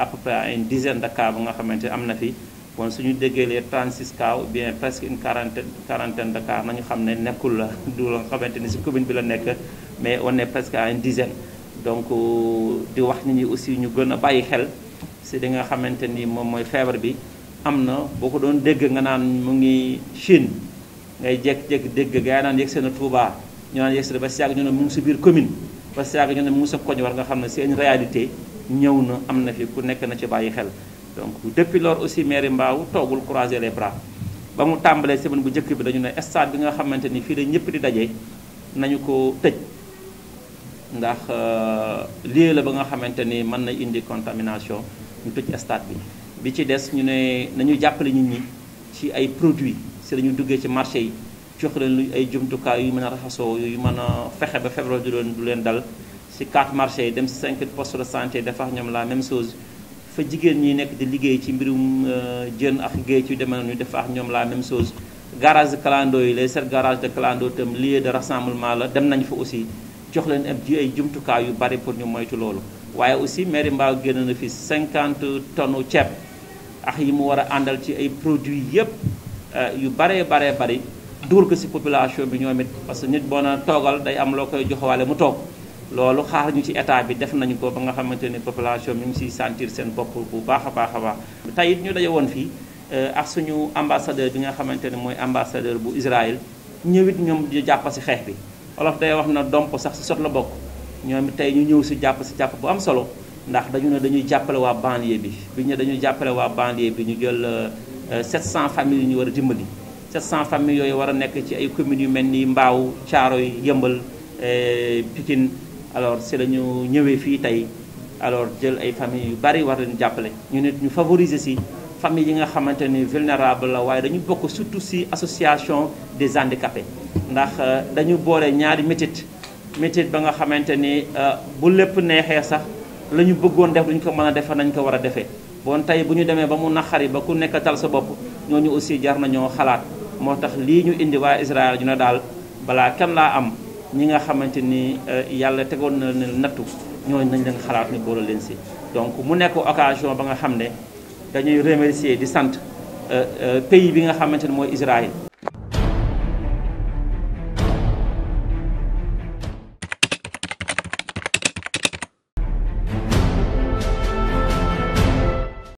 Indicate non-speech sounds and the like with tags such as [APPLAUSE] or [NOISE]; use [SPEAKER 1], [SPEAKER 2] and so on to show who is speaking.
[SPEAKER 1] à peu près une dizaine de cas bu nga xamante am na fi bon suñu déggee les 36 cas ou bien presque une quarantaine quarantaine de cas nañu xam ne nekkul la [LAUGHS] du la nga xamante ni si commune bi la nekk mais on est presque à une dizaine donc euh, di wax nit ñi aussi ñu gën a bàyyi xel si li nga xamante ni moom mooy bi am na boo dégg nga naan mu ngi Chine ngay jékki-jékki dégg gaa naan seen a Touba ñu naan seen ba si yàgg ñu mu ngi si biir commune ba ñu mu ngi sa koñ war nga xam c'est une réalité ñëw na am na fi ku nekk na ci bàyyi xel donc depuis lors aussi maire mbaaw toogul croiser les bras ba mu tàmbalee semaine bu njëkk bi dañu ne stade bi nga xamante ni fii la ñëpp di daje nañu ko tëj ndax euh, lieu la ba nga xamante ni mën na indi contamination ñu tëj bi bi ci des ñu ne nañu jàppale nit ñi ci ay produits si la ñu duggee ci marché yi jox leen lu ay jumtukaay yu mën a raxasoo yu mën a fexe ba feebar du leen du leen dal si quatre marchés yi dem si cinq postes de santé dafa ñoom la même chose fa jigéen ñi nekk di liggéey ci mbirum euh, jën ak géej yu demee noonu dafa ñoom laa même chose. garage de clando yi les sept garages de clando itam lieu de rassemblement la dem nañ fa aussi jox leen ab ji ay jumtukaay yu bari pour ñu moytu loolu. waaye aussi mairie Mbao génn na fi 50 tonnes ceeb ax yi mu war a àndal ci ay produits yëpp euh, yu baree baree bari duur ko ci population bi ñoom it parce que nit boo na toogal day am loo koy joxwaale mu toog. loolu xaar ñu ci état bi def nañu ko ba nga xamante ne population mi ngi siy sentir seen bopp bu baax a baax a baax tey it ñu daje woon fii euh, ak suñu ambassadeur bi nga xamante ne mooy ambassadeur bu Israël ñëwit ñoom di jàpp si xeex bi olof day wax na domp sax si sot la bokk ñoom tey ñu ñëw si jàpp si jàpp bu am solo ndax dañu ne dañuy jàppale waa banlieue bi bi ñu dañuy jàppale waa banlieue bi ñu jël 700 euh, euh, familles yu ñu war a dimbali 700 familles yooyu war a nekk ci ay communes yu mel ni Mbaaw Thiaroye Yëmbal Pikine alors si la ñëwee fii tey alors jël ay famille yu bari war leen jàppale ñu nit ñu favoriser si famille yi nga xamante ni vulnérable la waaye dañu bokk surtout si association des handicapés ndax euh, dañu boole ñaari métit métit ba nga xamante ni euh, bu lépp neexee sax la ñu bëggoon def luñ ko mën a defar nañ ko war a defee bon tey bu ñu demee ba mu naqari ba ku nekk tal sa bopp ñooñu aussi jar nañoo xalaat moo tax lii ñu indi waa Israël ñu ne daal balaa kenn laa am ñi nga xamante ni euh, yàlla tegoon na leen nattu ñooñu nañ leen xalaat ni boole leen si donc mu nekk occasion ba nga xam ne dañuy remercier di sant euh, euh, pays bi nga xamante ni mooy Israël